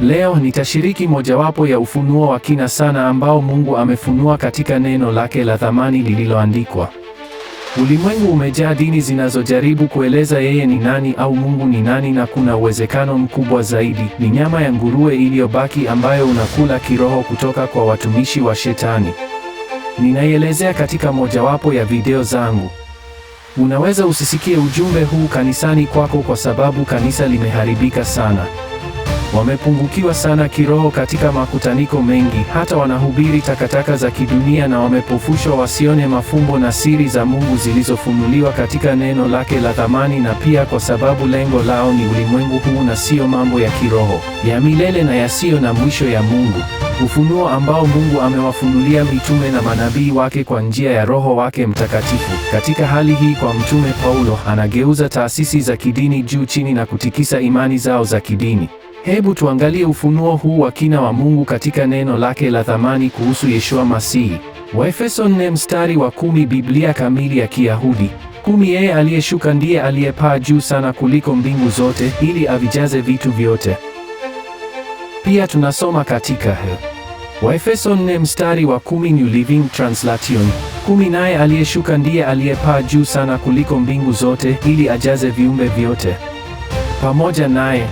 Leo nitashiriki mojawapo ya ufunuo wa kina sana ambao Mungu amefunua katika neno lake la thamani lililoandikwa. Ulimwengu umejaa dini zinazojaribu kueleza yeye ni nani au Mungu ni nani, na kuna uwezekano mkubwa zaidi ni nyama ya nguruwe iliyobaki ambayo unakula kiroho kutoka kwa watumishi wa Shetani. Ninaielezea katika mojawapo ya video zangu. Unaweza usisikie ujumbe huu kanisani kwako kwa sababu kanisa limeharibika sana. Wamepungukiwa sana kiroho katika makutaniko mengi, hata wanahubiri takataka za kidunia na wamepofushwa wasione mafumbo na siri za Mungu zilizofunuliwa katika neno lake la thamani, na pia kwa sababu lengo lao ni ulimwengu huu na siyo mambo ya kiroho ya milele na yasiyo na mwisho ya Mungu, ufunuo ambao Mungu amewafunulia mitume na manabii wake kwa njia ya Roho wake Mtakatifu. Katika hali hii, kwa mtume Paulo anageuza taasisi za kidini juu chini na kutikisa imani zao za kidini. Hebu tuangalie ufunuo huu wa kina wa Mungu katika neno lake la thamani kuhusu Yeshua Masihi. Waefeso 4 mstari wa kumi, Biblia kamili ya Kiyahudi kumi. Yeye aliyeshuka ndiye aliyepaa juu sana kuliko mbingu zote, ili avijaze vitu vyote. Pia tunasoma katika Waefeso 4 mstari wa kumi, New Living Translation kumi, naye aliyeshuka ndiye aliyepaa juu sana kuliko mbingu zote, ili ajaze viumbe vyote pamoja naye.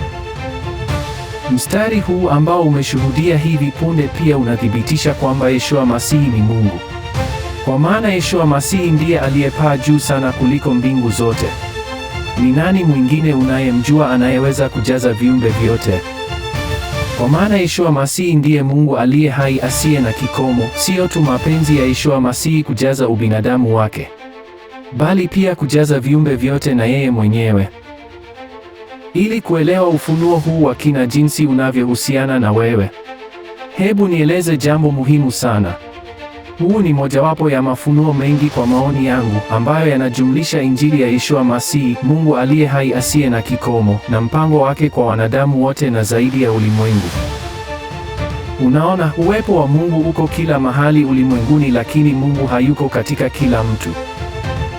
Mstari huu ambao umeshuhudia hivi punde pia unathibitisha kwamba Yeshua Masihi ni Mungu. Kwa maana Yeshua Masihi ndiye aliyepaa juu sana kuliko mbingu zote. Ni nani mwingine unayemjua anayeweza kujaza viumbe vyote? Kwa maana Yeshua Masihi ndiye Mungu aliye hai asiye na kikomo. Siyo tu mapenzi ya Yeshua Masihi kujaza ubinadamu wake, bali pia kujaza viumbe vyote na yeye mwenyewe. Ili kuelewa ufunuo huu wa kina jinsi unavyohusiana na wewe, hebu nieleze jambo muhimu sana. Huu ni mojawapo ya mafunuo mengi kwa maoni yangu ambayo yanajumlisha Injili ya Yeshua Masihi, Mungu aliye hai asiye na kikomo, na mpango wake kwa wanadamu wote na zaidi ya ulimwengu. Unaona, uwepo wa Mungu uko kila mahali ulimwenguni, lakini Mungu hayuko katika kila mtu.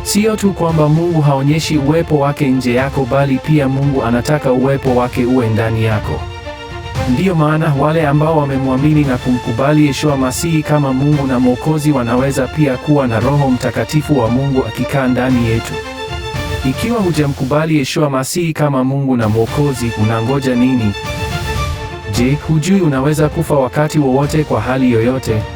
Sio tu kwamba Mungu haonyeshi uwepo wake nje yako, bali pia Mungu anataka uwepo wake uwe ndani yako. Ndiyo maana wale ambao wamemwamini na kumkubali Yeshua Masihi kama Mungu na Mwokozi wanaweza pia kuwa na Roho Mtakatifu wa Mungu akikaa ndani yetu. Ikiwa hujamkubali Yeshua Masihi kama Mungu na Mwokozi, unangoja nini? Je, hujui unaweza kufa wakati wowote kwa hali yoyote?